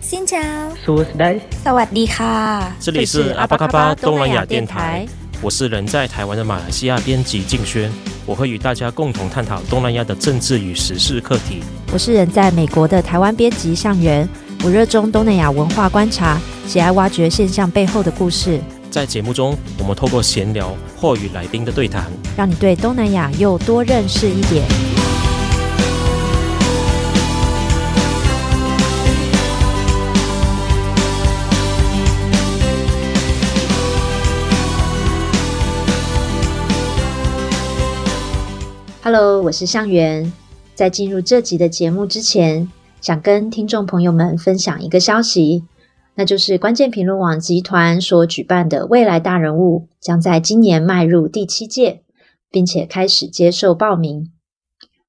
新橋，蘇斯，這裡是阿峇卡巴東南亞電臺，我是人在台灣的馬來西亞編輯靜軒，我會與大家共同探討東南亞的政治與時事課題。我是人在美國的台灣編輯尚元，我熱衷東南亞文化觀察，喜愛挖掘現象背後的故事。在節目中，我們透過閒聊或與來賓的對談，讓你對東南亞又多認識一點。Hello，我是向元。在進入這集的節目之前，想跟聽眾朋友們分享一個消息，那就是關鍵評論網集團所舉辦的未來大人物，將在今年邁入第七屆，並且開始接受報名。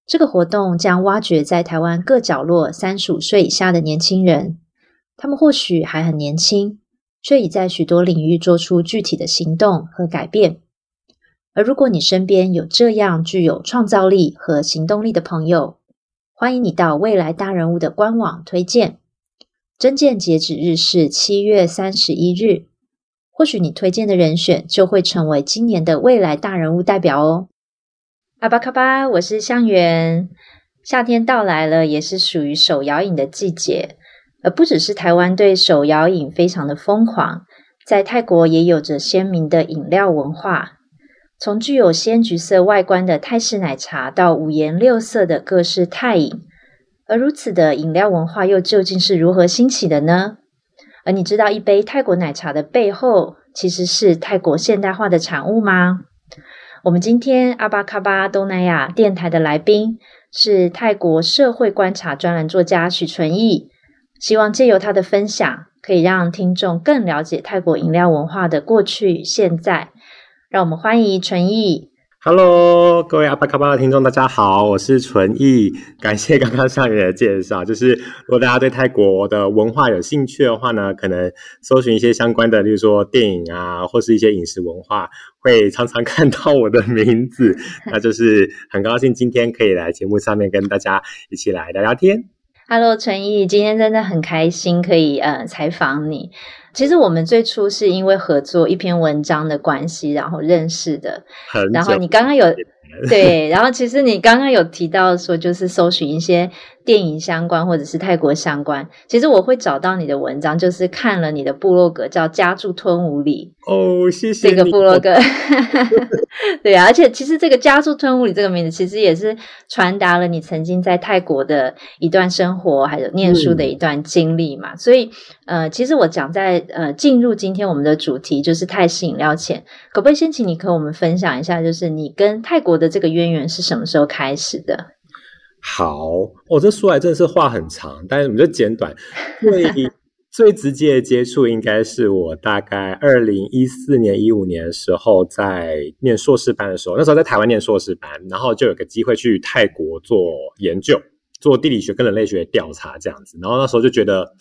這個活動將挖掘在台灣各角落三十五歲以下的年輕人，他們或許還很年輕，卻已在許多領域做出具體的行動和改變。而如果你身邊有這樣具有創造力和行動力的朋友，歡迎你到未來大人物的官網推薦。徵件截止日是七月三十一日，或許你推薦的人選就會成為今年的未來大人物代表哦。阿峇卡巴，我是向元。夏天到來了，也是屬於手搖飲的季節。而不只是台灣對手搖飲非常的瘋狂，在泰國也有着鮮明的飲料文化。從具有鮮橘色外觀的泰式奶茶到五顏六色的各式泰飲，而如此的飲料文化又究竟是如何興起的呢？而你知道一杯泰國奶茶的背後其實是泰國現代化的產物嗎？我們今天阿峇卡巴東南亞電台的來賓是泰國社會觀察專欄作家許純鎰，希望借由他的分享，可以讓聽眾更了解泰國飲料文化的過去現在。讓我們歡迎純鎰。Hello，各位阿峇卡巴的聽眾，大家好，我是純鎰。感謝剛剛上面的介紹，就是如果大家對泰國的文化有興趣的話呢，可能搜尋一些相關的，例如說電影啊，或是一些飲食文化，會常常看到我的名字。 那就是很高興今天可以來節目上面跟大家一起來聊聊天。Hello，純鎰，今天真的很開心可以呃採訪你。其實我們最初是因為合作一篇文章的關係，然後認識的。然後你剛剛有，對，然後其實你剛剛有提到說，就是搜尋一些。電影相關或者是泰國相關，其實我會找到你的文章，就是看了你的部落格，叫“家住吞武里”。哦，謝謝這個部落格。 對啊，而且其實這個“家住吞武里”這個名字，其實也是傳達了你曾經在泰國的一段生活，還有念書的一段經歷嘛。嗯、所以，呃，其實我講在呃進入今天我們的主題，就是泰式飲料前，可不可以先請你跟我們分享一下，就是你跟泰國的這個淵源是什麼時候開始的？好，我、哦，這說來真的是話很長，但是我們就簡短。最 最直接的接觸應該是我大概二零一四年、一五年的時候，在念碩士班的時候，那時候在台灣念碩士班，然後就有個機會去泰國做研究，做地理學跟人類學的調查這樣子。然後那時候就覺得，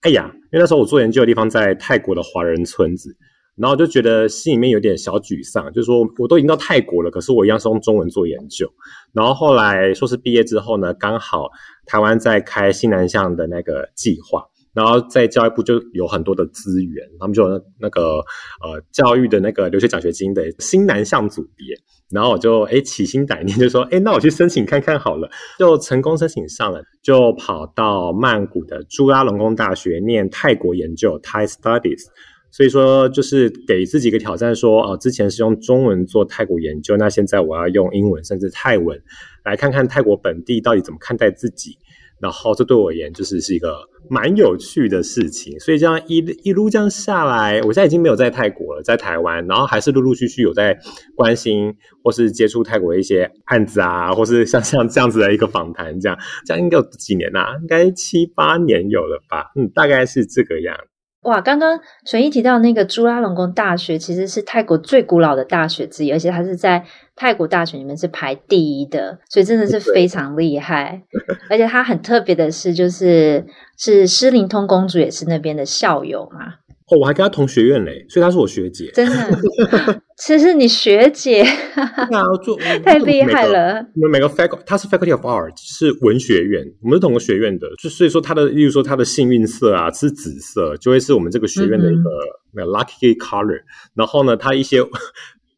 哎呀，因為那時候我做研究的地方在泰國的華人村子。然後我就覺得心裡面有點小沮喪，就是說我都已經到泰國了，可是我一樣是用中文做研究。然後後來說是畢業之後呢，剛好台灣在開新南向的那個計劃，然後在教育部就有很多的資源，他們就有那個呃教育的那個留學獎學金的新南向組別，然後我就哎起心歹念，就說，哎那我去申請看看好了，就成功申請上了，就跑到曼谷的朱拉隆功大學念泰國研究 t a i Studies）。所以說，就是給自己一個挑戰說，說哦，之前是用中文做泰國研究，那現在我要用英文，甚至泰文，來看看泰國本地到底怎麼看待自己。然後這對我而言，就是是一個蠻有趣的事情。所以這樣一一路這樣下來，我現在已經沒有在泰國了，在台灣，然後還是陸陸續續有在關心或是接觸泰國的一些案子啊，或是像像這樣子的一個訪談，這樣這樣應該有幾年啦、啊，應該七八年有了吧？嗯，大概是這個樣。哇，剛剛純鎰提到那個朱拉隆功大學，其實是泰國最古老的大學之一，而且它是在泰國大學裡面是排第一的，所以真的是非常厲害。而且它很特別的是，就是是詩琳通公主也是那邊的校友嘛。哦、我還跟他同學院嘞，所以他是我學姐。真的， 其實你學姐，對、啊、 太厲害了。我們每個，個 faculty，他是 faculty of art 是文學院。我們是同個學院的，所以說他的，例如說他的幸運色啊是紫色，就會是我們這個學院的一個、嗯、哼 lucky color。然後呢，他一些。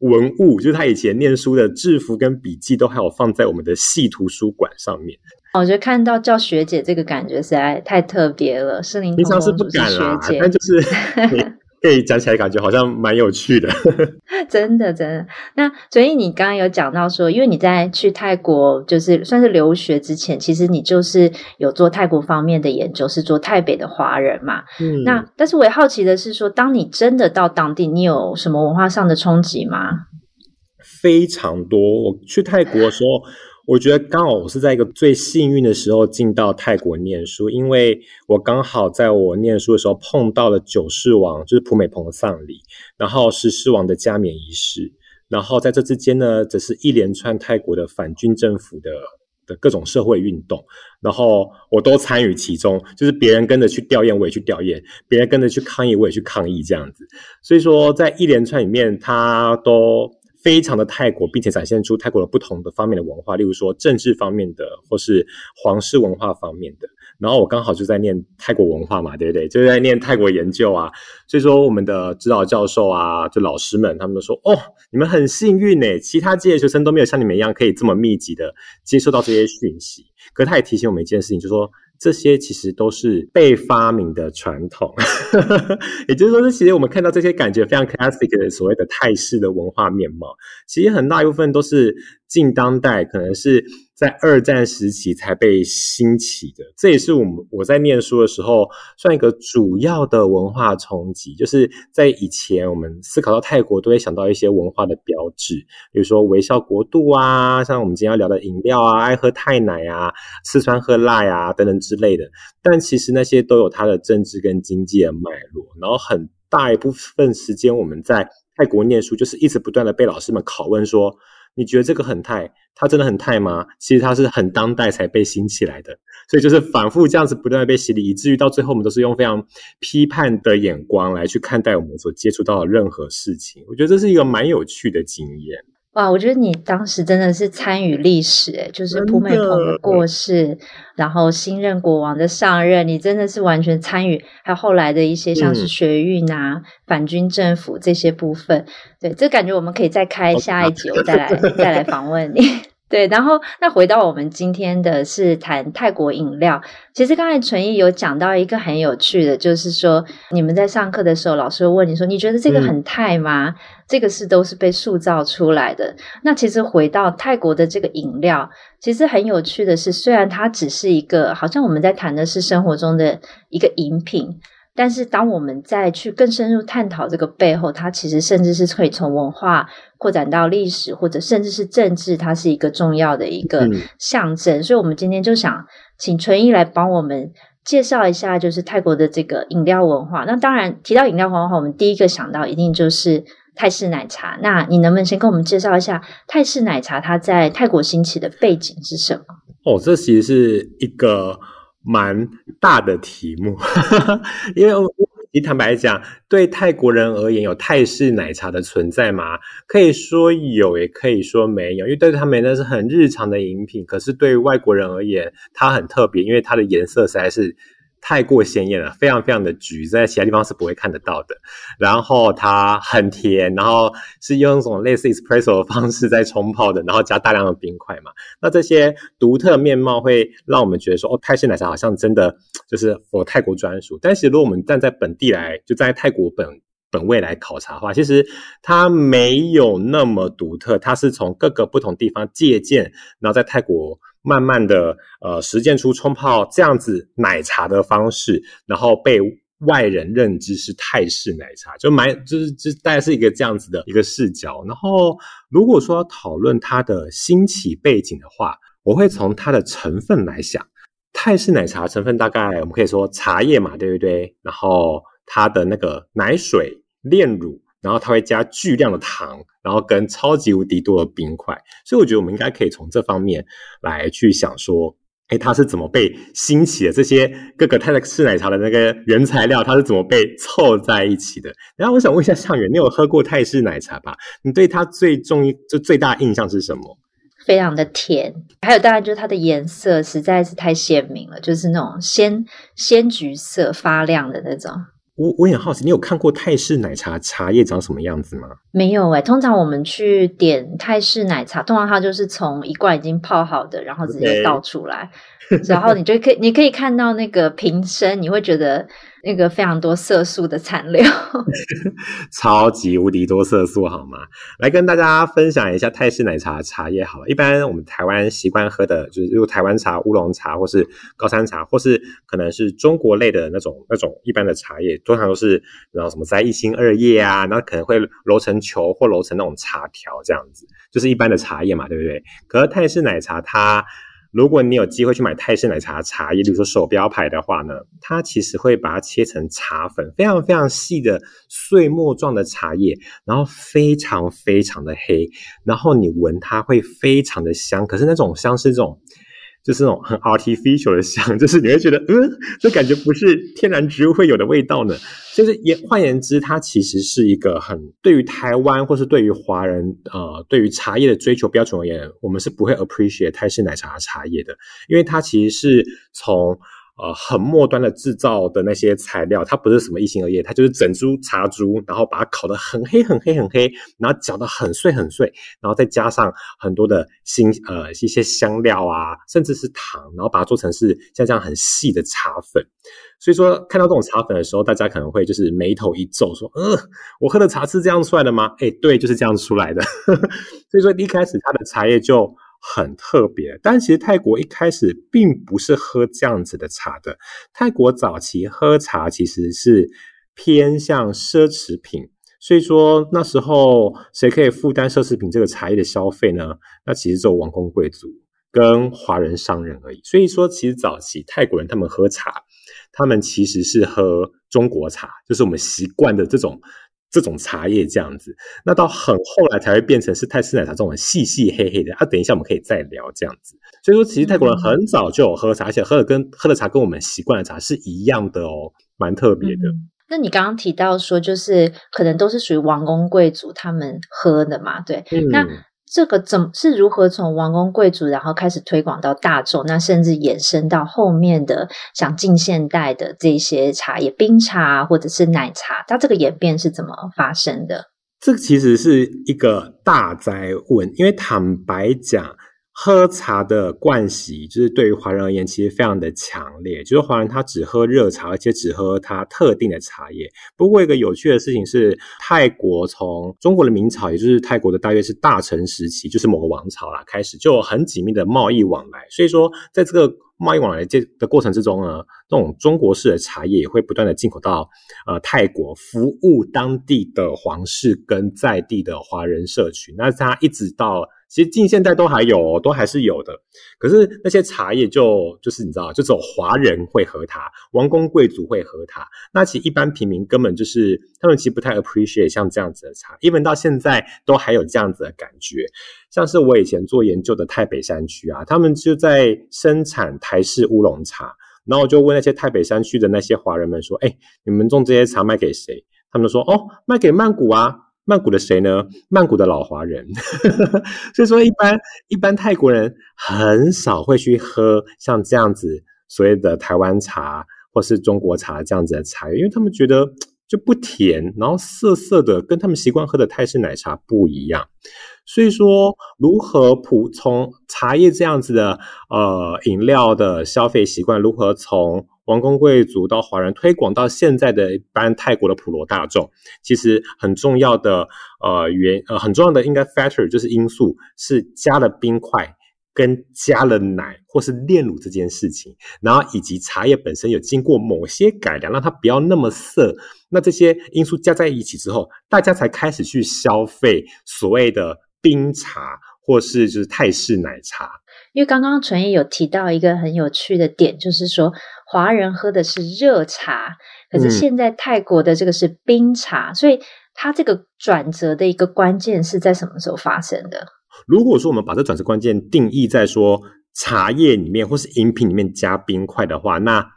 文物就是他以前念書的制服跟筆記，都還有放在我們的系圖書館上面。我覺得看到叫學姐這個感覺實在太特別了。林同同是您平常是不敢啦，那就是。這講起來感覺好像蠻有趣的， 真的，真的。那所以你剛剛有講到說，因為你在去泰國就是算是留學之前，其實你就是有做泰國方面的研究，是做泰北的華人嘛。嗯，那但是我也好奇的是說，當你真的到當地，你有什麼文化上的衝擊嗎？非常多，我去泰國的時候。 我覺得剛好我是在一個最幸運的時候進到泰國念書，因為我剛好在我念書的時候碰到了九世王，就是蒲美蓬的喪禮，然後十世王的加冕儀式，然後在這之間呢，這是一連串泰國的反軍政府的的各種社會運動，然後我都參與其中，就是別人跟着去吊唁，我也去吊唁；別人跟着去抗議，我也去抗議，這樣子。所以說，在一連串裡面，他都非常的泰國，並且展現出泰國的不同的方面的文化，例如說政治方面的，或是皇室文化方面的。然後我剛好就在念泰國文化嘛，對不對？就在念泰國研究啊，所以說我們的指導教授啊，就老師們，他們都說哦，你們很幸運欸，其他屆的學生都沒有像你們一樣可以這麼密集的接受到這些訊息。可是他也提醒我們一件事情，就是說。這些其實都是被發明的傳統，呵呵，也就是說，其實我們看到這些感覺非常 classic 的所謂的泰式的文化面貌，其實很大一部分都是近當代，可能是，在二戰時期才被興起的，這也是我們我在念書的時候算一個主要的文化衝擊。就是在以前，我們思考到泰國都會想到一些文化的標誌，比如說微笑國度啊，像我們今天要聊的飲料啊，愛喝泰奶啊，吃酸喝辣呀、啊、等等之類的。但其實那些都有它的政治跟經濟的脈絡。然後很大一部分時間我們在泰國念書，就是一直不斷的被老師們拷問說。你覺得這個很泰，它真的很泰嗎？其實它是很當代才被興起來的，所以就是反覆這樣子不斷被洗禮，以至於到最後我們都是用非常批判的眼光來去看待我們所接觸到的任何事情。我覺得這是一個蠻有趣的經驗。哇，我覺得你當時真的是參與歷史。哎，就是蒲美蓬的過世，的然後新任國王的上任，你真的是完全參與，還有後來的一些像是學運啊、嗯、反軍政府這些部分，對，這感覺我們可以再開下一集，我再來 再來訪問你。對，然後那回到我們今天的是談泰國飲料。其實剛才純鎰有講到一個很有趣的，就是說你們在上課的時候，老師問你說：“你覺得這個很泰嗎？”嗯，這個是都是被塑造出來的。那其實回到泰國的這個飲料，其實很有趣的是，雖然它只是一個，好像我們在談的是生活中的一個飲品。但是，當我們再去更深入探討這個背後，它其實甚至是可以從文化擴展到歷史，或者甚至是政治，它是一個重要的一個象徵。嗯。所以，我們今天就想請純鎰來幫我們介紹一下，就是泰國的這個飲料文化。那當然，提到飲料文化，我們第一個想到一定就是泰式奶茶。那你能不能先跟我們介紹一下泰式奶茶？它在泰國興起的背景是什麼？哦，這其實是一個。蠻大的題目，哈哈，因為你坦白講，對泰國人而言，有泰式奶茶的存在嗎？可以說有，也可以說沒有，因為對他們那是很日常的飲品，可是對於外國人而言，它很特別，因為它的顏色實在是。太過鮮豔了，非常非常的橘，在其他地方是不會看得到的。然後它很甜，然後是用那種類似 Espresso 的方式在沖泡的，然後加大量的冰塊嘛。那這些獨特面貌會讓我們覺得說，哦，泰式奶茶好像真的就是我、哦、泰國專屬。但是如果我們站在本地來，就站在泰國本本位來考察的話，其實它沒有那麼獨特，它是從各個不同地方借鑑，然後在泰國，慢慢的，呃，實踐出沖泡這樣子奶茶的方式，然後被外人認知是泰式奶茶，就蠻，就是就是、大概是一個這樣子的一個視角。然後，如果說要討論它的興起背景的話，我會從它的成分來想。泰式奶茶成分大概我們可以說茶葉嘛，對不對？然後它的那個奶水、煉乳。然後它會加巨量的糖，然後跟超級無敵多的冰塊，所以我覺得我們應該可以從這方面來去想說，哎，它是怎麼被興起的？這些各個泰式奶茶的那個原材料，它是怎麼被湊在一起的？然後我想問一下向遠，你有喝過泰式奶茶吧？你對它最重就最大的印象是什麼？非常的甜，還有當然就是它的顏色實在是太鮮明了，就是那種鮮鮮橘色發亮的那種。我我也好奇，你有看過泰式奶茶茶葉長什麼樣子嗎？沒有哎、欸，通常我們去點泰式奶茶，通常它就是從一罐已經泡好的，然後直接倒出來，Okay. 然後你就可以， 你可以看到那個瓶身，你會覺得。那個非常多色素的殘留，超級無敵多色素，好嗎？來跟大家分享一下泰式奶茶的茶葉。好了，一般我們台灣習慣喝的，就是如果台灣茶、烏龍茶，或是高山茶，或是可能是中國類的那種那種一般的茶葉，通常都是然後什麼摘一心二葉啊，那可能會揉成球或揉成那種茶條這樣子，就是一般的茶葉嘛，對不對？可是泰式奶茶它。如果你有機會去買泰式奶茶茶葉，比如說手標牌的話呢，它其實會把它切成茶粉，非常非常細的碎末狀的茶葉，然後非常非常的黑，然後你聞它會非常的香，可是那種香是這種。就是那種很 artificial 的香，就是你會覺得，嗯，這感覺不是天然植物會有的味道呢。就是也，換言之，它其實是一個很對於台灣或是對於華人啊、呃，對於茶葉的追求標準而言，我們是不會 appreciate 泰式奶茶茶葉的，因為它其實是從，呃，很末端的製造的那些材料，它不是什麼一心二葉，它就是整株茶株，然後把它烤得很黑很黑很黑，然後攪得很碎很碎，然後再加上很多的辛呃一些香料啊，甚至是糖，然後把它做成是像這樣很細的茶粉。所以說，看到這種茶粉的時候，大家可能會就是眉頭一皺，說，嗯、呃，我喝的茶是這樣出來的嗎？哎，對，就是這樣出來的。 所以說一開始它的茶葉就。很特別，但其實泰國一開始並不是喝這樣子的茶的。泰國早期喝茶其實是偏向奢侈品，所以說那時候誰可以負擔奢侈品這個茶葉的消費呢？那其實就王公貴族跟華人商人而已。所以說，其實早期泰國人他們喝茶，他們其實是喝中國茶，就是我們習慣的這種。這種茶葉這樣子，那到很後來才會變成是泰式奶茶這種細細黑黑的。啊，等一下我們可以再聊這樣子。所以說，其實泰國人很早就有喝茶，而且喝的跟喝的茶跟我們習慣的茶是一樣的哦，蠻特別的。嗯、那你剛剛提到說，就是可能都是屬於王公貴族他們喝的嘛？對，嗯、那。這個怎麼是如何從王公貴族，然後開始推廣到大眾，那甚至延伸到後面的像近現代的這些茶葉冰茶或者是奶茶，它這個演變是怎麼發生的？這個其實是一個大哉問，因為坦白講。喝茶的慣習，就是對於華人而言，其實非常的強烈。就是華人他只喝熱茶，而且只喝他特定的茶葉。不過一個有趣的事情是，泰國從中國的明朝，也就是泰國的大約是大城時期，就是某個王朝啦，開始就很緊密的貿易往來。所以說，在這個貿易往來這的過程之中呢，這種中國式的茶葉也會不斷的進口到呃泰國，服務當地的皇室跟在地的華人社群。那它一直到其實近現代都還有，都還是有的。可是那些茶葉就就是你知道，就只有華人會喝它，王公貴族會喝它。那其實一般平民根本就是他們其實不太 appreciate 像這樣子的茶，even 到現在都還有這樣子的感覺。像是我以前做研究的泰北山區啊，他們就在生產台式烏龍茶，然後我就問那些泰北山區的那些華人們說：“哎、欸，你們種這些茶賣給誰？”他們說：“哦，賣給曼谷啊，曼谷的誰呢？曼谷的老華人。 ”所以說，一般一般泰國人很少會去喝像這樣子所謂的台灣茶或是中國茶這樣子的茶，因為他們覺得就不甜，然後澀澀的，跟他們習慣喝的泰式奶茶不一樣。所以說，如何普從茶葉這樣子的呃飲料的消費習慣，如何從王公貴族到華人推廣到現在的一般泰國的普羅大眾，其實很重要的呃原呃很重要的應該 factor 就是因素，是加了冰塊跟加了奶或是煉乳這件事情，然後以及茶葉本身有經過某些改良，讓它不要那麼澀，那這些因素加在一起之後，大家才開始去消費所謂的。冰茶，或是就是泰式奶茶。因為剛剛純鎰有提到一個很有趣的點，就是說華人喝的是熱茶，可是現在泰國的這個是冰茶，嗯，所以它這個轉折的一個關鍵是在什麼時候發生的？如果說我們把這轉折關鍵定義在說茶葉裡面，或是飲品裡面加冰塊的話，那。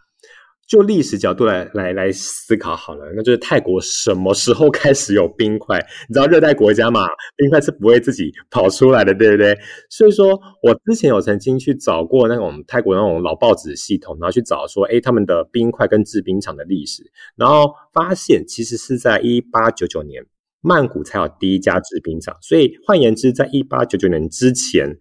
就歷史角度來來來思考好了，那就是泰國什麼時候開始有冰塊？你知道熱帶國家嘛，冰塊是不會自己跑出來的，對不對？所以說我之前有曾經去找過那種泰國那種老報紙系統，然後去找說，誒，他們的冰塊跟制冰廠的歷史，然後發現其實是在一八九九年曼谷才有第一家制冰廠，所以換言之，在一八九九年之前。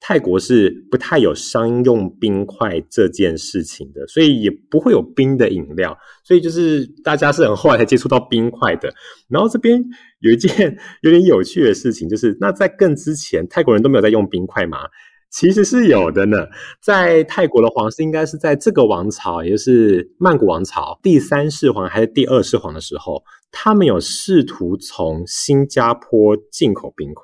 泰國是不太有商用冰塊這件事情的，所以也不會有冰的飲料，所以就是大家是很後來才接觸到冰塊的。然後這邊有一件有點有趣的事情，就是那在更之前，泰國人都沒有在用冰塊嗎？其實是有的呢，在泰國的皇室應該是在這個王朝，也就是曼谷王朝第三世皇還是第二世皇的時候。他們有試圖從新加坡進口冰塊，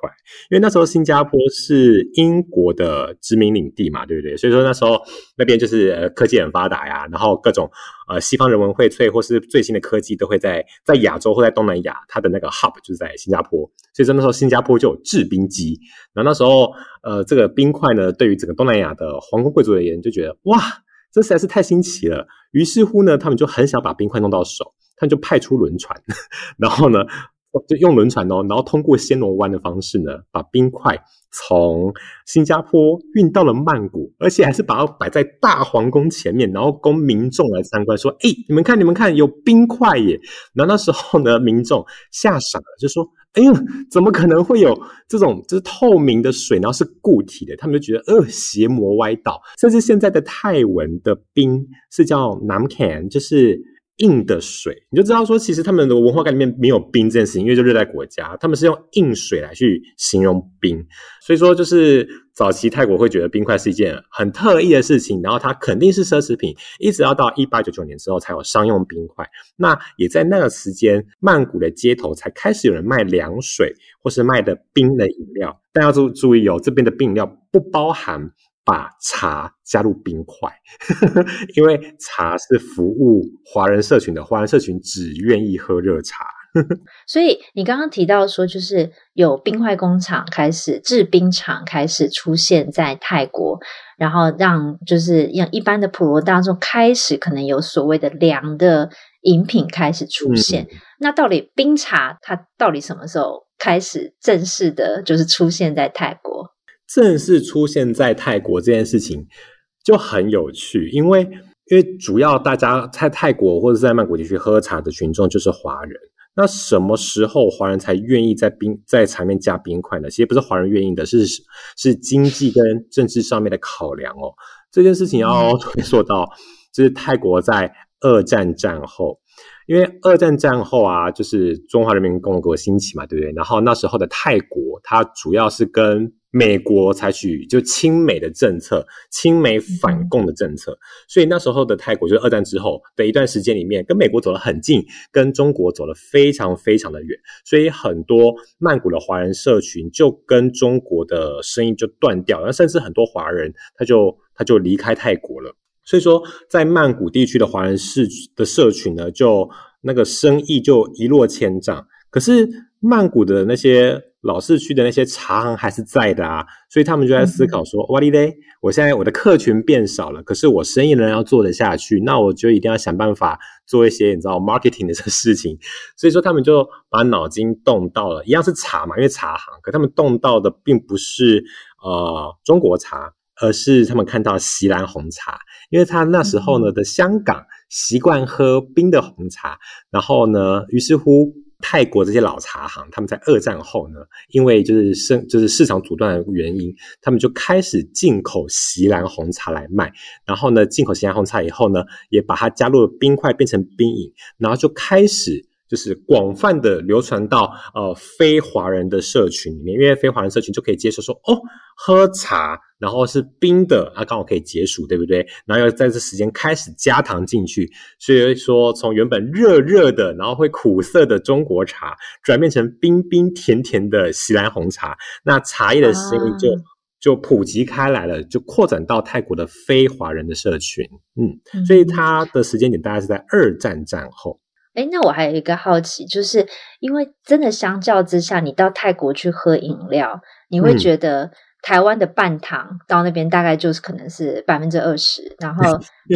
因為那時候新加坡是英國的殖民領地嘛，對不對？所以說那時候那邊就是，呃，科技很發達呀，然後各種呃西方人文薈萃或是最新的科技都會在在亞洲或在東南亞，它的那個 hub 就是在新加坡，所以說那時候新加坡就有製冰機。然後那時候呃這個冰塊呢，對於整個東南亞的皇宮貴族而言，就覺得哇，這實在是太新奇了。於是乎呢，他們就很想把冰塊弄到手。他就派出輪船，然後呢，就用輪船哦，然後通過暹羅灣的方式呢，把冰塊從新加坡運到了曼谷，而且還是把它擺在大皇宮前面，然後供民眾來參觀。說：“哎，你們看，你們看，有冰塊耶！”然後那時候呢，民眾嚇傻了，就說：“哎喲，怎麼可能會有這種就是透明的水，然後是固體的？”他們就覺得：“呃，邪魔歪道。”甚至現在的泰文的冰是叫 namcan，就是。硬的水，你就知道說，其實他們的文化概念裡面沒有冰這件事情，因為就熱帶國家，他們是用硬水來去形容冰。所以說，就是早期泰國會覺得冰塊是一件很特異的事情，然後它肯定是奢侈品。一直要到一八九九年之後才有商用冰塊，那也在那個時間，曼谷的街頭才開始有人賣涼水，或是賣的冰的飲料。但要注注意哦，這邊的冰飲料不包含。把茶加入冰塊呵呵，因為茶是服務華人社群的，華人社群只願意喝熱茶。呵呵。所以你剛剛提到說，就是有冰塊工廠開始制冰廠開始出現在泰國，然後讓就是讓一般的普羅大眾開始可能有所謂的涼的飲品開始出現。嗯。那到底冰茶它到底什麼時候開始正式的，就是出現在泰國？正式出現在泰國這件事情就很有趣，因為因為主要大家在泰國或者是在曼谷地區喝茶的群眾就是華人，那什麼時候華人才願意在冰在茶面加冰塊呢？其實不是華人願意的是，是是經濟跟政治上面的考量哦。這件事情要追溯到就是泰國在二戰戰後，因為二戰戰後啊，就是中華人民共和國興起嘛，對不對？然後那時候的泰國，它主要是跟美國採取就親美的政策，親美反共的政策，所以那時候的泰國就是二戰之後的一段時間裡面，跟美國走得很近，跟中國走得非常非常的遠，所以很多曼谷的華人社群就跟中國的生意就斷掉，然後甚至很多華人他就他就離開泰國了，所以說在曼谷地區的華人市的社群呢，就那個生意就一落千丈。可是曼谷的那些老市區的那些茶行還是在的啊，所以他們就在思考說：“ what are they？我現在我的客群變少了，可是我生意仍然要做得下去，那我就一定要想辦法做一些你知道 marketing 的這事情。”所以說他們就把腦筋動到了，一樣是茶嘛，因為茶行，可他們動到的並不是呃中國茶，而是他們看到錫蘭紅茶，因為他那時候呢在香港習慣喝冰的紅茶，然後呢，於是乎。泰國這些老茶行，他們在二戰後呢，因為就是生就是市場阻斷的原因，他們就開始進口錫蘭紅茶來賣。然後呢，進口錫蘭紅茶以後呢，也把它加入了冰塊變成冰飲，然後就開始。就是廣泛的流傳到呃非華人的社群裡面，因為非華人社群就可以接受說哦喝茶，然後是冰的。啊剛好可以解暑，對不對？然後要在這時間開始加糖進去，所以說從原本熱熱的，然後會苦澀的中國茶，轉變成冰冰甜甜的錫蘭紅茶，那茶葉的生意就、啊、就普及開來了，就擴展到泰國的非華人的社群，嗯，所以它的時間點大概是在二戰戰後。哎，那我還有一個好奇，就是因為真的相較之下，你到泰國去喝飲料，你會覺得台灣的半糖到那邊大概就是可能是百分之二十，然後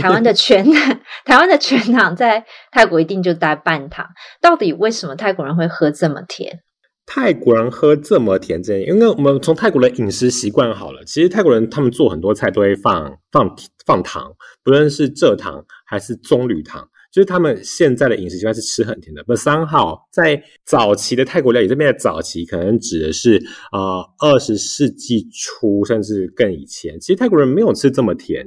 台灣的全， 台灣的全糖在泰國一定就待半糖。到底為什麼泰國人會喝這麼甜？泰國人喝這麼甜，這因為我們從泰國的飲食習慣好了。其實泰國人他們做很多菜都會放放放糖，不論是蔗糖還是棕櫚糖。就是他們現在的飲食習慣是吃很甜的。不是，三號在早期的泰國料理這邊的早期，可能指的是啊二十世紀初甚至更以前。其實泰國人沒有吃這麼甜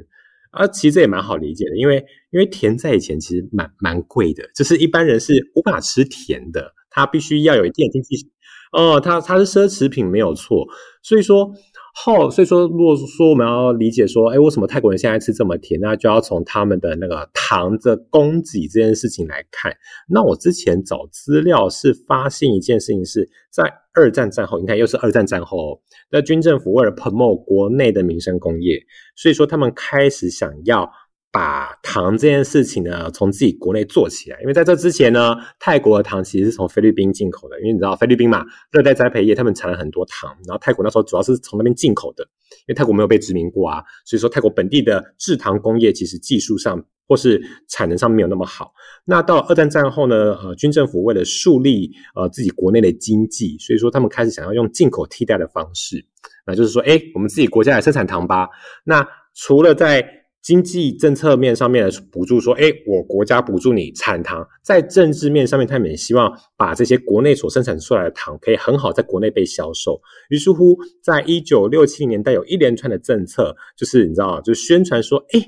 啊，其實這也蠻好理解的，因為因為甜在以前其實蠻蠻貴的，就是一般人是無法吃甜的，他必須要有一定的經濟哦，它、呃、它是奢侈品沒有錯，所以說。後，oh, 所以說，如果說我們要理解說，哎，為什麼泰國人現在吃這麼甜，那就要從他們的那個糖的供給這件事情來看。那我之前找資料是發現一件事情，是在二戰戰後，你看又是二戰戰後，哦，那軍政府為了 promote 國內的民生工業，所以說他們開始想要。把糖這件事情呢，從自己國內做起來。因為在這之前呢，泰國的糖其實是從菲律賓進口的。因為你知道菲律賓嘛，熱帶栽培業他們產了很多糖，然後泰國那時候主要是從那邊進口的。因為泰國沒有被殖民過啊，所以說泰國本地的製糖工業其實技術上或是產能上沒有那麼好。那到了二戰戰後呢，呃，軍政府為了樹立呃自己國內的經濟，所以說他們開始想要用進口替代的方式，那就是說，誒，我們自己國家來生產糖吧。那除了在經濟政策面上面的補助，說：“誒，我國家補助你產糖。”在政治面上面，他們也希望把這些國內所生產出來的糖，可以很好在國內被銷售。於是乎，在一九六七年代，有一連串的政策，就是你知道，就宣傳說：“誒，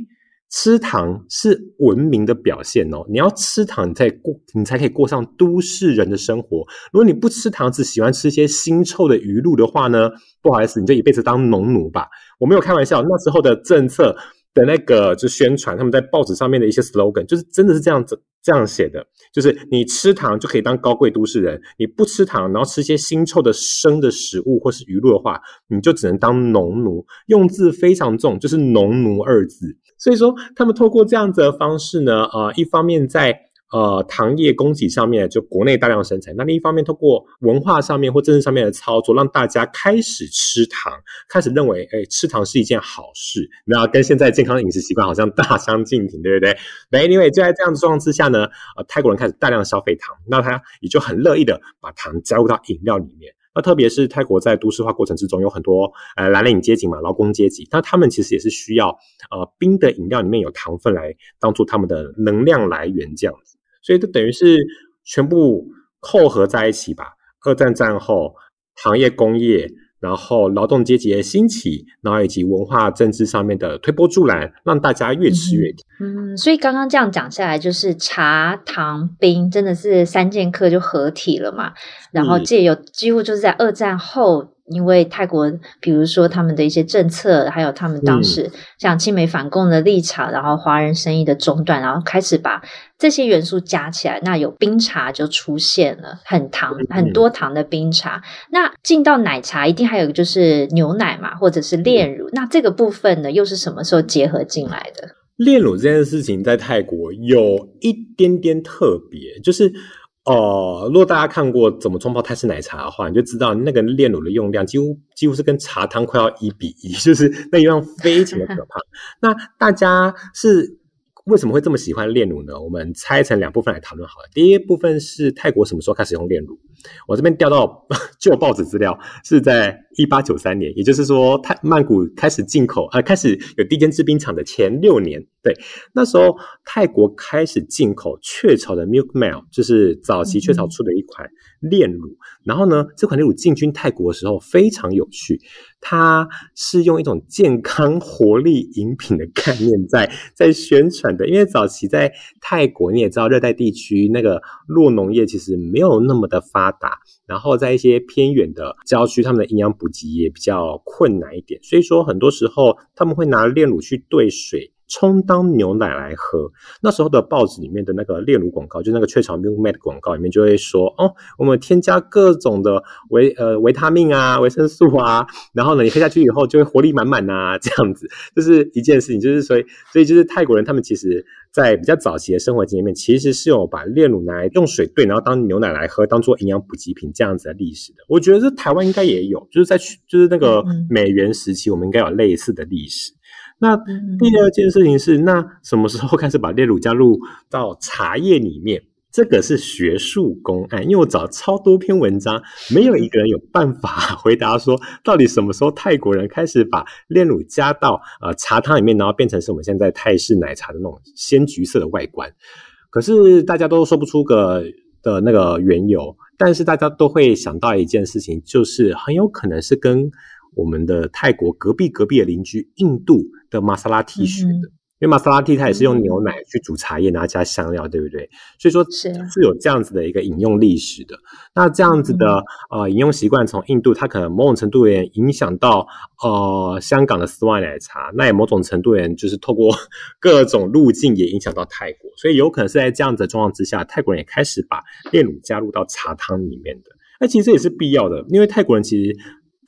吃糖是文明的表現哦，你要吃糖，你才過，你才可以過上都市人的生活。如果你不吃糖，只喜歡吃一些腥臭的魚露的話呢，不好意思，你就一輩子當農奴吧。”我沒有開玩笑，那時候的政策。的那個就宣傳他們在報紙上面的一些 slogan，就是真的是這樣子這樣寫的，就是你吃糖就可以當高貴都市人，你不吃糖，然後吃一些腥臭的生的食物或是魚肉的話，你就只能當農奴。用字非常重，就是“農奴”二字。所以說，他們透過這樣子的方式呢，啊、呃，一方面在，呃，糖業供給上面，就國內大量生產，那另一方面透過文化上面或政治上面的操作，讓大家開始吃糖，開始認為哎、欸、吃糖是一件好事，那跟現在健康的飲食習慣好像大相徑庭，對不對？來，因為就在這樣的狀況之下呢，呃，泰國人開始大量消費糖，那他也就很樂意的把糖加入到飲料裡面。那特別是泰國在都市化過程之中，有很多呃藍領階級嘛，勞工階級，那他們其實也是需要呃冰的飲料裡面有糖分來當作他們的能量來源這樣子。所以這等於是全部扣合在一起吧。二戰戰後，行業工業，然後勞動階級的興起，然後以及文化政治上面的推波助瀾，讓大家越吃越甜。嗯，嗯，所以剛剛這樣講下來，就是茶、糖、冰真的是三劍客就合體了嘛？然後這有幾乎就是在二戰後。因為泰國，比如說他們的一些政策，還有他們當時像親美反共的立場，然後華人生意的中斷，然後開始把這些元素加起來，那有冰茶就出現了，很糖、很多糖的冰茶。那進到奶茶一定還有就是牛奶嘛，或者是煉乳。嗯、那這個部分呢，又是什麼時候結合進來的？煉乳這件事情在泰國有一點點特別，就是。哦、呃，如果大家看過怎麼沖泡泰式奶茶的話，你就知道那個煉乳的用量幾乎幾乎是跟茶湯快要一比一，就是那一樣非常的可怕。 那大家是為什麼會這麼喜歡煉乳呢？我們拆成兩部分來討論好了。第一部分是泰國什麼時候開始用煉乳？我這邊調到舊報紙資料，是在一八九三年，也就是說泰曼谷開始進口，呃，開始有第一間制冰廠的前六年。對，那時候泰國開始進口雀巢的 Milk Mail，就是早期雀巢出的一款煉乳。嗯、然後呢，這款煉乳進軍泰國的時候非常有趣，它是用一種健康活力飲品的概念在在宣傳的。因為早期在泰國，你也知道，熱帶地區那個酪農業其實沒有那麼的發展。吧，然後在一些偏遠的郊區，他們的營養補給也比較困難一點，所以說很多時候他們會拿煉乳去兌水，充當牛奶來喝。那時候的報紙裡面的那個煉乳廣告，就那個雀巢 Milkmaid 廣告裡面就會說哦，我們添加各種的維呃、維他命啊、維生素啊，然後呢你喝下去以後就會活力滿滿啊。這樣子就是一件事情，就是所以，所以就是泰國人他們其實。在比較早期的生活經驗裡面，其實是有把煉乳拿來用水兌，然後當牛奶來喝，當做營養補給品這樣子的歷史的。我覺得是台灣應該也有，就是在就是那個美援時期，我們應該有類似的歷史。那第二件事情是，那什麼時候開始把煉乳加入到茶葉裡面？這個是學術公案，因為我找了超多篇文章，沒有一個人有辦法回答說，到底什麼時候泰國人開始把煉乳加到，呃，茶湯裡面，然後變成是我們現在泰式奶茶的那種鮮橘色的外觀。可是大家都說不出個的那個緣由，但是大家都會想到一件事情，就是很有可能是跟我們的泰國隔壁隔壁的鄰居印度的瑪莎拉 Tea 學的。嗯嗯。因為馬莎拉蒂它也是用牛奶去煮茶葉，然後加香料，嗯、對不對？所以說是有這樣子的一個飲用歷史的。那這樣子的、嗯、呃飲用習慣，從印度它可能某種程度也影響到呃香港的絲襪奶茶，那也某種程度也就是透過各種路徑也影響到泰國，所以有可能是在這樣子的狀況之下，泰國人也開始把煉乳加入到茶湯裡面的。那其實這也是必要的，因為泰國人其實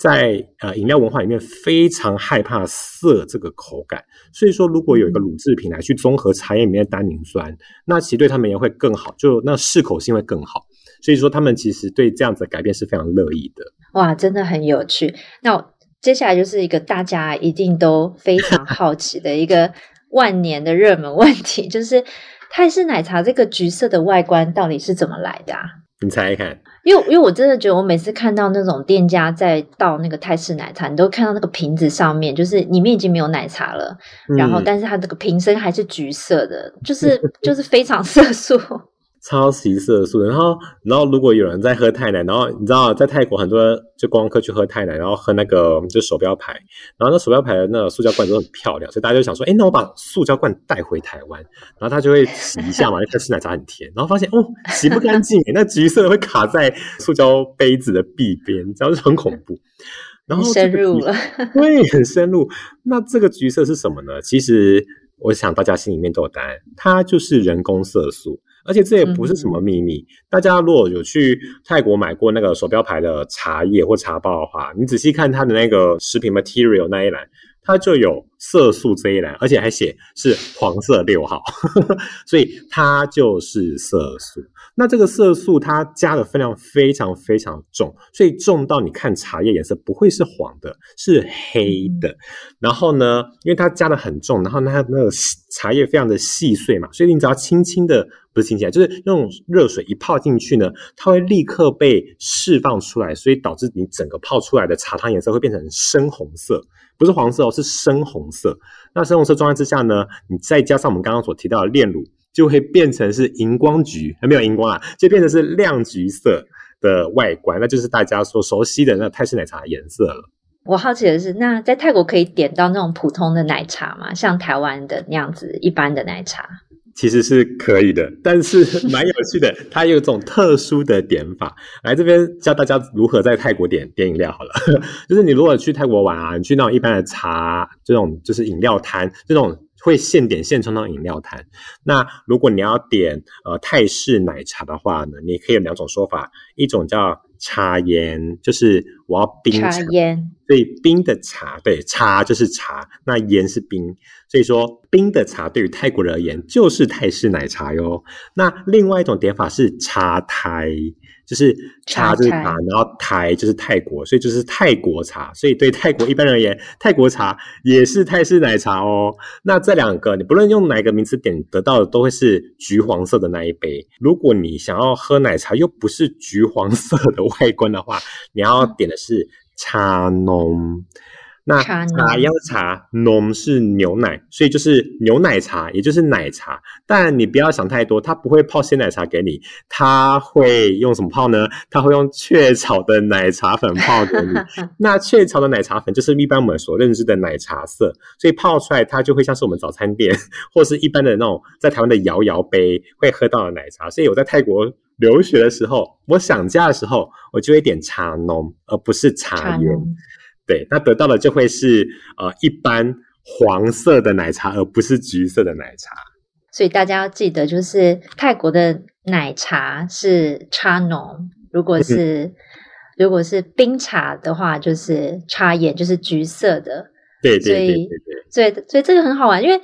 在呃飲料文化裡面非常害怕澀這個口感，所以說如果有一個乳製品來去綜合茶葉裡面的單寧酸，那其實對他們也會更好，就那適口性會更好。所以說他們其實對這樣子的改變是非常樂意的。哇，真的很有趣。那接下來就是一個大家一定都非常好奇的一個萬年的熱門問題， 就是泰式奶茶這個橘色的外觀到底是怎麼來的啊？你猜看，因為因為我真的覺得，我每次看到那種店家在倒那個泰式奶茶，你都看到那個瓶子上面，就是裡面已經沒有奶茶了，嗯、然後但是它這個瓶身還是橘色的，就是就是非常色素。 超級色素，然後，然後如果有人在喝泰奶，然後你知道在泰國很多人就觀光客去喝泰奶，然後喝那個就手標牌，然後那手標牌的那個塑膠罐都很漂亮，所以大家就想說，哎，那我把塑膠罐帶回台灣，然後他就會洗一下嘛， 因為泰式奶茶很甜，然後發現哦，洗不乾淨，那橘色的會卡在塑膠杯子的壁邊，這樣就很恐怖。然後、這個、很深入了， 對，很深入。那這個橘色是什麼呢？其實我想大家心裡面都有答案，它就是人工色素。而且這也不是什麼秘密，嗯、哼大家如果有去泰國買過那個手標牌的茶葉或茶包的話，你仔細看它的那個食品 material 那一欄，它就有色素這一欄，而且還寫是黃色六號呵呵，所以它就是色素。那這個色素它加的分量非常非常重，所以重到你看茶葉顏色不會是黃的，是黑的。然後呢，因為它加的很重，然後它那個茶葉非常的細碎嘛，所以你只要輕輕的，不是輕輕的，就是用熱水一泡進去呢，它會立刻被釋放出來，所以導致你整個泡出來的茶湯顏色會變成深紅色，不是黃色哦，是深紅色。那深紅色狀態之下呢，你再加上我們剛剛所提到的煉乳。就會變成是熒光橘還沒有熒光啊，就變成是亮橘色的外觀，那就是大家所熟悉的那泰式奶茶的顏色了。我好奇的是，那在泰國可以點到那種普通的奶茶嗎？像台灣的那樣子一般的奶茶？其實是可以的，但是蠻有趣的， 它有一種特殊的點法。來這邊教大家如何在泰國點點飲料好了， 就是你如果去泰國玩啊，你去那種一般的茶這種就是飲料攤這種。會現點現沖的飲料攤。那如果你要點呃泰式奶茶的話呢，你可以有兩種說法，一種叫茶煙，就是我要冰茶，對鹽冰的茶，對茶就是茶，那煙是冰，所以說冰的茶對於泰國人而言就是泰式奶茶喲。那另外一種點法是茶台。就是茶就是茶，茶茶然後台就是泰國，所以就是泰國茶。所以對泰國一般而言，泰國茶也是泰式奶茶哦。那這兩個，你不論用哪個名詞點得到的，都會是橘黃色的那一杯。如果你想要喝奶茶又不是橘黃色的外觀的話，你要點的是茶濃。嗯那、啊、的茶幺茶濃是牛奶，所以就是牛奶茶，也就是奶茶。但你不要想太多，他不會泡鮮奶茶給你，他會用什麼泡呢？他會用雀巢的奶茶粉泡給你。 那雀巢的奶茶粉就是一般我們所認知的奶茶色，所以泡出來它就會像是我們早餐店或是一般的那種在台灣的搖搖杯會喝到的奶茶。所以我在泰國留學的時候，我想家的時候，我就會點茶濃，而不是茶幺。茶對，那得到的就會是呃一般黃色的奶茶，而不是橘色的奶茶。所以大家要記得，就是泰國的奶茶是茶濃，如果是、嗯、如果是冰茶的話，就是茶眼，就是橘色的。對，對對對對對。所以所以，所以這個很好玩，因為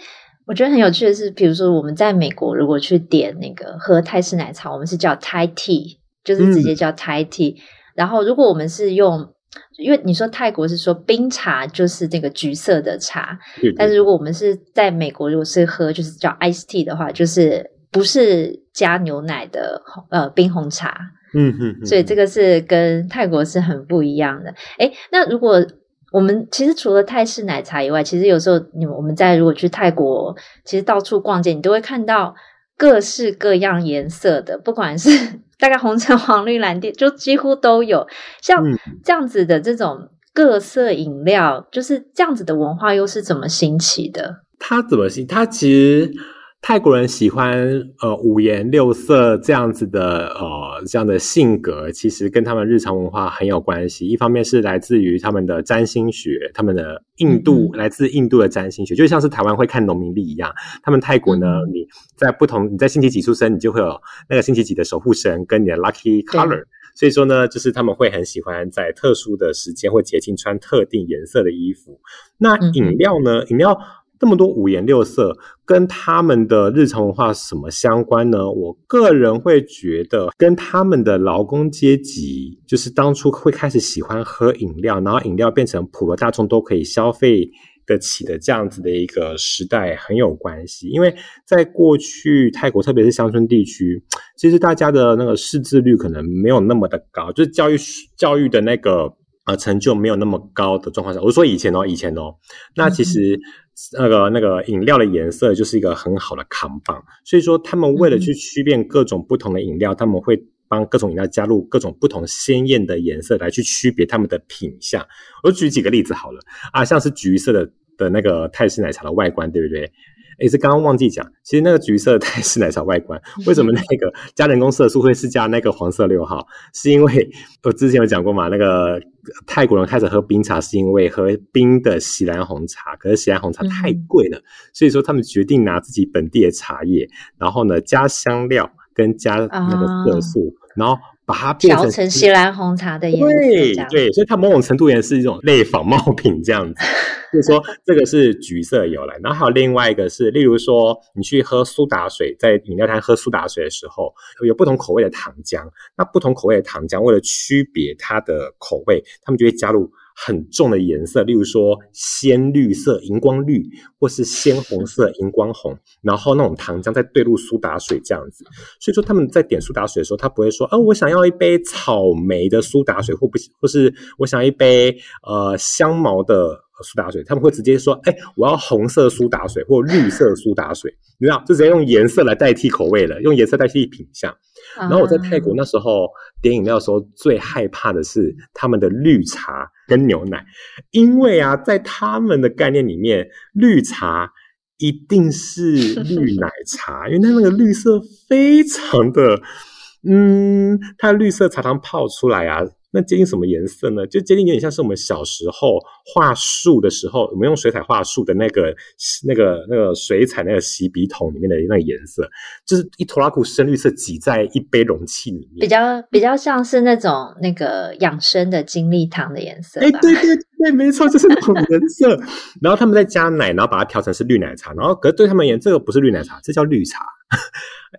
我覺得很有趣的是，比如說我們在美國如果去點那個喝泰式奶茶，我們是叫 Thai Tea，就是直接叫 Thai Tea，嗯。然後如果我們是用因為你說泰國是說冰茶就是這個橘色的茶，是的。但是如果我們是在美國，如果是喝就是叫 iced tea 的話，就是不是加牛奶的呃冰紅茶，嗯哼、哼，所以這個是跟泰國是很不一樣的。誒、欸、那如果我們其實除了泰式奶茶以外，其實有時候你我們在如果去泰國，其實到處逛街你都會看到。各式各樣顏色的，不管是大概紅橙黃綠藍靛，就幾乎都有。像這樣子的這種各色飲料，嗯、就是這樣子的文化又是怎麼興起的？它怎麼興？它其實。泰國人喜歡呃五顏六色這樣子的呃這樣的性格，其實跟他們日常文化很有關係。一方面是來自於他們的占星學，他們的印度嗯嗯來自印度的占星學，就像是台灣會看農民曆一樣。他們泰國呢，嗯、你在不同你在星期幾出生，你就會有那個星期幾的守護神跟你的 lucky color、嗯。所以說呢，就是他們會很喜歡在特殊的時間或節慶穿特定顏色的衣服。那飲料呢？嗯、飲料。這麼多五顏六色，跟他們的日常文化什麼相關呢？我個人會覺得，跟他們的勞工階級，就是當初會開始喜歡喝飲料，然後飲料變成普羅大眾都可以消費得起的這樣子的一個時代很有關係。因為在過去泰國，特別是鄉村地區，其實大家的那個識字率可能沒有那麼的高，就是教育教育的那個啊，成就沒有那麼高的狀況下，我說以前哦，以前哦，那其實。嗯那個那個飲料的顏色就是一個很好的扛棒，所以說他們為了去區別各種不同的飲料，嗯、哼他們會幫各種飲料加入各種不同鮮豔的顏色來去區別他們的品項。我舉幾個例子好了，啊，像是橘色的的那個泰式奶茶的外觀，對不對？也、欸、是剛剛忘記講，其實那個橘色泰式奶茶外觀，嗯、哼為什麼那個加人工色素會是加那個黃色六號？是因為我之前有講過嘛，那個泰國人開始喝冰茶是因為喝冰的錫蘭紅茶，可是錫蘭紅茶太貴了，嗯、哼所以說他們決定拿自己本地的茶葉，然後呢，加香料跟加那個色素，嗯、然後。把它成調成錫蘭紅茶的顏色對，對，所以它某種程度也是一種類仿冒品這樣子。就是 說，這個是橘色的由來，然後還有另外一個是，例如說，你去喝蘇打水，在飲料攤喝蘇打水的時候，有不同口味的糖漿，那不同口味的糖漿為了區別它的口味，他們就會加入。很重的顏色，例如說鮮綠色、熒光綠，或是鮮紅色、熒光紅，然後那種糖漿再兌入蘇打水這樣子。所以說他們在點蘇打水的時候，他不會說：“哦、啊，我想要一杯草莓的蘇打水，或不行或是我想要一杯呃香茅的蘇打水。”他們會直接說：“哎、欸，我要紅色蘇打水，或綠色蘇打水。啊”你知道，就直接用顏色來代替口味了，用顏色代替品相。啊、然後我在泰國那時候點飲料的時候，最害怕的是他們的綠茶。跟牛奶。因為啊，在他們的概念裡面，綠茶一定是綠奶茶， 因為它那個綠色非常的，嗯，它綠色茶湯泡出來啊。那接近什麼顏色呢？就接近有點像是我們小時候畫樹的時候，我們用水彩畫樹的那個、那個、那個水彩那個洗筆桶裡面的那個顏色，就是一拖拉庫深綠色擠在一杯容器裡面，比較比較像是那種那個養生的精力湯的顏色。哎、欸，對對對，沒錯，就是那種顏色。 然後他們再加奶，然後把它調成是綠奶茶。然後可是對他們而言，這個不是綠奶茶，這叫綠茶。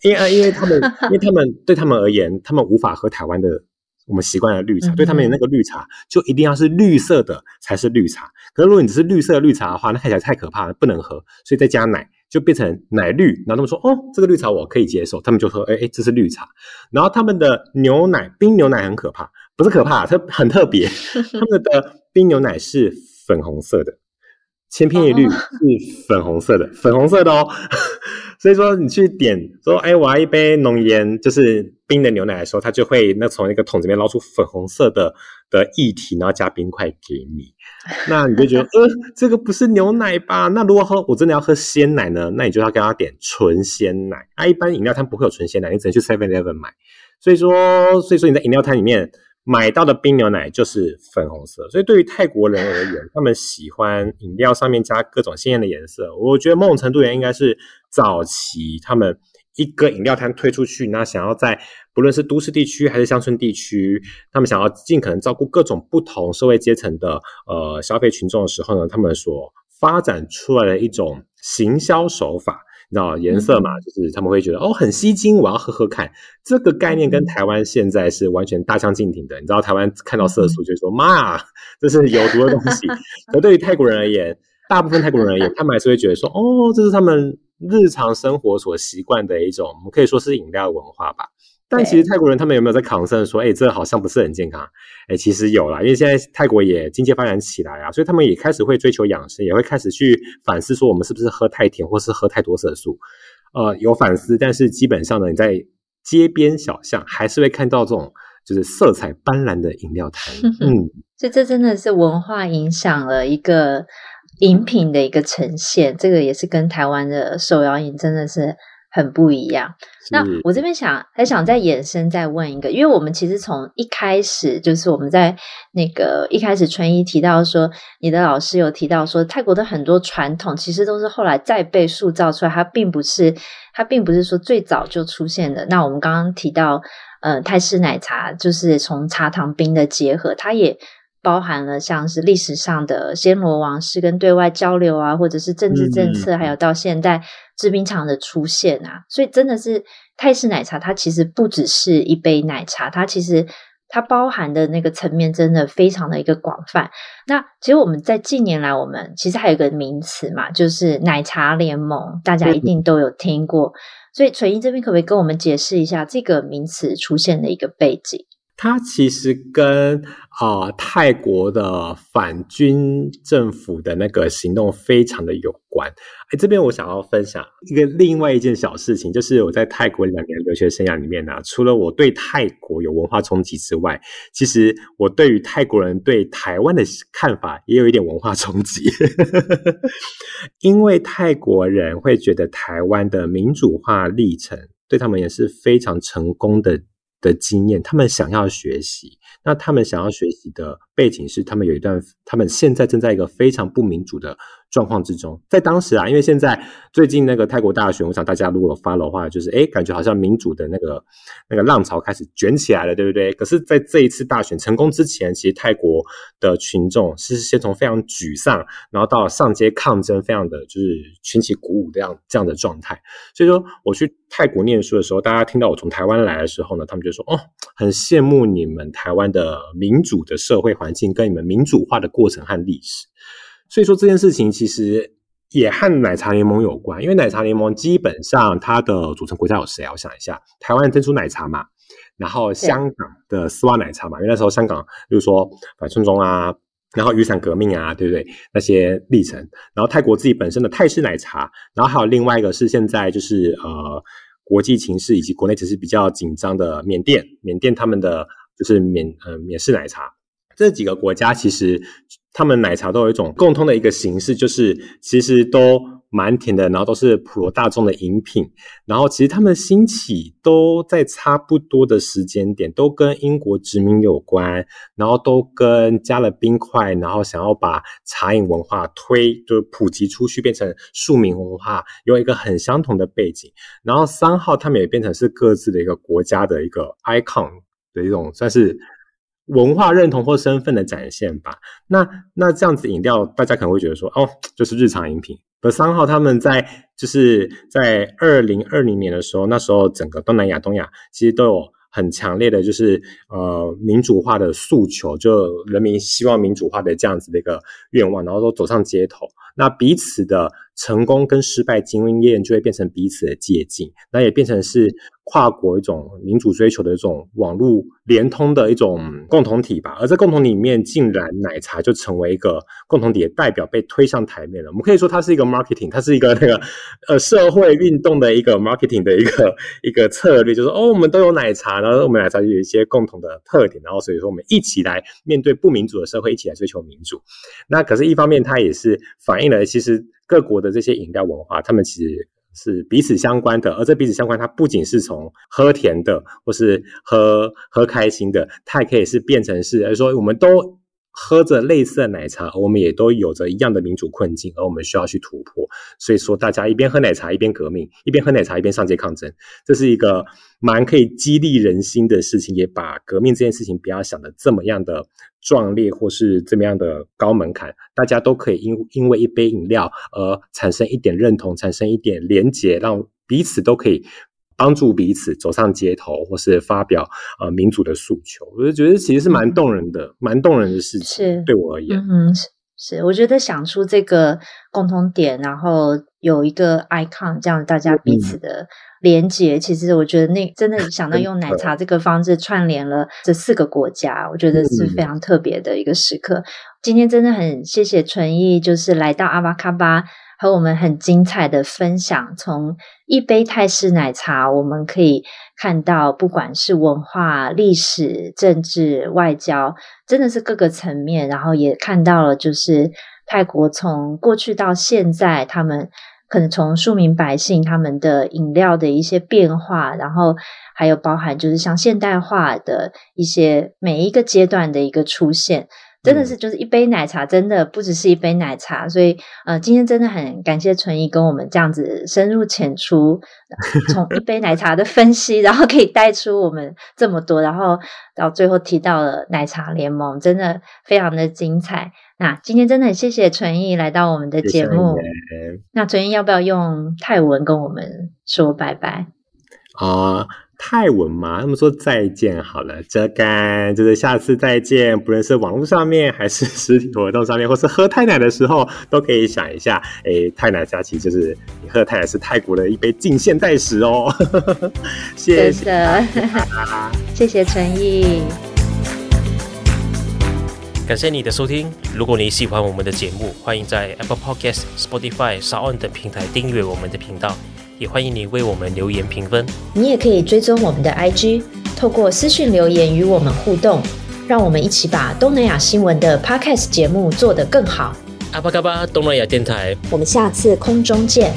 因 為、欸呃、因為他們，因為他們 對他們而言，他們無法喝台灣的。我們習慣了綠茶，對他們的那個綠茶就一定要是綠色的才是綠茶。可是如果你只是綠色綠茶的話，那看起來太可怕了，不能喝。所以再加奶，就變成奶綠。然後他們說：“哦，這個綠茶我可以接受。”他們就說：“哎，哎，這是綠茶。”然後他們的牛奶冰牛奶很可怕，不是可怕，特很特別。他們的冰牛奶是粉紅色的。 千篇一律是粉紅色的， 粉紅色的哦。所以說，你去點說，哎，我要一杯濃顏，就是冰的牛奶的時候，它就會那從那個桶子裡面撈出粉紅色的的液體，然後加冰塊給你。那你就覺得， 呃，這個不是牛奶吧？那如果喝我真的要喝鮮奶呢，那你就要跟他點純鮮奶。那、啊、一般飲料攤不會有純鮮奶，你只能去 Seven Eleven 買。所以說，所以說你在飲料攤裡面。買到的冰牛奶就是粉紅色，所以對於泰國人而言，他們喜歡飲料上面加各種鮮豔的顏色。我覺得某種程度也應該是早期他們一個飲料攤推出去，那想要在不論是都市地區還是鄉村地區，他們想要盡可能照顧各種不同社會階層的呃消費群眾的時候呢，他們所發展出來的一種行銷手法。你知道顏色嘛？嗯、就是他們會覺得哦，很吸睛，我要喝喝看。這個概念跟台灣現在是完全大相徑庭的。你知道台灣看到色素就會說媽呀，這是有毒的東西。 而對於泰國人而言，大部分泰國人而言，他們還是會覺得說，哦，這是他們日常生活所習慣的一種，我們可以說是飲料文化吧。但其實泰國人他們有沒有在抗爭？說，誒、欸、這好像不是很健康？誒、欸、其實有啦，因為現在泰國也經濟發展起來啊，所以他們也開始會追求養生，也會開始去反思說我們是不是喝太甜，或是喝太多色素？呃，有反思，但是基本上呢，你在街邊小巷還是會看到這種就是色彩斑斕的飲料攤。嗯，哼哼嗯，所以這真的是文化影響了一個飲品的一個呈現，這個也是跟台灣的手搖飲真的是。很不一樣。是那我這邊想還想再延伸再問一個，因為我們其實從一開始就是我們在那個一開始純鎰提到說，你的老師有提到說，泰國的很多傳統其實都是後來再被塑造出來，它並不是它並不是說最早就出現的。那我們剛剛提到，呃，泰式奶茶就是從茶糖冰的結合，它也包含了像是歷史上的暹羅王室跟對外交流啊，或者是政治政策，嗯嗯還有到現代。製冰廠的出現啊，所以真的是泰式奶茶，它其實不只是一杯奶茶，它其實它包含的那個層面真的非常的一個廣泛。那其實我們在近年來，我們其實還有個名詞嘛，就是奶茶聯盟，大家一定都有聽過。對所以純鎰這邊可不可以跟我們解釋一下這個名詞出現的一個背景？它其實跟啊、呃、泰國的反軍政府的那個行動非常的有關。哎，這邊我想要分享一個另外一件小事情，就是我在泰國兩年留學生涯裡面呢、啊，除了我對泰國有文化衝擊之外，其實我對於泰國人對台灣的看法也有一點文化衝擊， 因為泰國人會覺得台灣的民主化歷程對他們也是非常成功的。的經驗，他們想要學習，那他們想要學習的背景是他們有一段，他們現在正在一個非常不民主的狀況之中。在當時啊，因為現在最近那個泰國大選，我想大家如果 follow 的話，就是哎，感覺好像民主的那個那個浪潮開始捲起來了，對不對？可是，在這一次大選成功之前，其實泰國的群眾是先從非常沮喪，然後到了上街抗爭，非常的就是群起鼓舞這樣這樣的狀態。所以說，我去泰國念書的時候，大家聽到我從台灣來的時候呢，他們就說哦，很羨慕你們台灣的民主的社會。環境跟你們民主化的過程和歷史，所以說這件事情其實也和奶茶聯盟有關，因為奶茶聯盟基本上它的組成國家有誰啊？我想一下，台灣珍珠奶茶嘛，然後香港的絲襪奶茶嘛，因為那時候香港就是說反送中啊，然後雨傘革命啊，對不對？那些歷程，然後泰國自己本身的泰式奶茶，然後還有另外一個是現在就是呃國際情勢以及國內其實比較緊張的緬甸，緬甸他們的就是緬呃緬式奶茶。這幾個國家其實，他們奶茶都有一種共通的一個形式，就是其實都蠻甜的，然後都是普羅大眾的飲品。然後其實他們興起都在差不多的時間點，都跟英國殖民有關，然後都跟加了冰塊，然後想要把茶飲文化推，就是普及出去，變成庶民文化，有一個很相同的背景。然後三號，他們也變成是各自的一個國家的一個 icon 的一種，算是。文化認同或身份的展現吧。那那這樣子飲料，大家可能會覺得說，哦，就是日常飲品。而三號他們在就是在二零二零年的時候，那時候整個東南亞、東亞其實都有很強烈的，就是呃民主化的訴求，就人民希望民主化的這樣子的一個願望，然後都走上街頭。那彼此的成功跟失敗經驗就會變成彼此的捷徑，那也變成是跨國一種民主追求的一種網絡連通的一種共同體吧。而在共同裡面，竟然奶茶就成為一個共同體的代表被推上檯面了。我們可以說它是一個 marketing，它是一個那個呃社會運動的一個 marketing 的一個一個策略，就是哦，我們都有奶茶，然後我們奶茶就有一些共同的特點，然後所以說我們一起來面對不民主的社會，一起來追求民主。那可是，一方面它也是反映。其實各國的這些飲料文化，他們其實是彼此相關的，而這彼此相關，它不僅是從喝甜的，或是喝喝開心的，它也可以是變成是，而說我們都。喝着類似的奶茶，而我們也都有着一樣的民主困境，而我們需要去突破。所以說，大家一邊喝奶茶一邊革命，一邊喝奶茶一邊上街抗爭，這是一個蠻可以激勵人心的事情。也把革命這件事情不要想的這麼樣的壯烈，或是這麼樣的高門檻，大家都可以因因為一杯飲料而產生一點認同，產生一點連結，讓彼此都可以。幫助彼此走上街頭，或是發表呃民主的訴求，我就覺得其實是蠻動人的，嗯、蠻動人的事情。是對我而言，嗯是，是，我覺得想出這個共同點，然後有一個 icon，這樣大家彼此的連接，嗯、其實我覺得那真的想到用奶茶這個方式串聯了這四個國家，我覺得是非常特別的一個時刻。嗯、今天真的很謝謝純鎰，就是來到阿峇卡巴。和我們很精彩的分享，從一杯泰式奶茶，我們可以看到，不管是文化、歷史、政治、外交，真的是各個層面。然後也看到了，就是泰國從過去到現在，他們可能從庶民百姓他們的飲料的一些變化，然後還有包含就是像現代化的一些每一個階段的一個出現。真的是，就是一杯奶茶，嗯、真的不只是一杯奶茶。所以，呃，今天真的很感謝純鎰跟我們這樣子深入淺出，從一杯奶茶的分析， 然後可以帶出我們這麼多，然後到最後提到了奶茶聯盟，真的非常的精彩。那今天真的很謝謝純鎰來到我們的節目。那純鎰要不要用泰文跟我們說拜拜？啊、嗯。泰文嘛，他們說再見好了，遮甘，就是下次再見，不論是網絡上面還是實體活動上面，或是喝泰奶的時候，都可以想一下，哎、欸，泰奶假期就是你喝泰奶是泰國的一杯近現代史哦。 謝謝，謝謝純、啊啊、 鎰，感謝你的收聽。如果你喜歡我們的節目，歡迎在 Apple Podcast、Spotify、SoundOn 等平台訂閱我們的頻道。也歡迎您為我們留言評分，你也可以追蹤我們的 IG，透過私訊留言與我們互動，讓我們一起把東南亞新聞的 Podcast 節目做得更好。阿峇卡巴東南亞電台，我們下次空中見。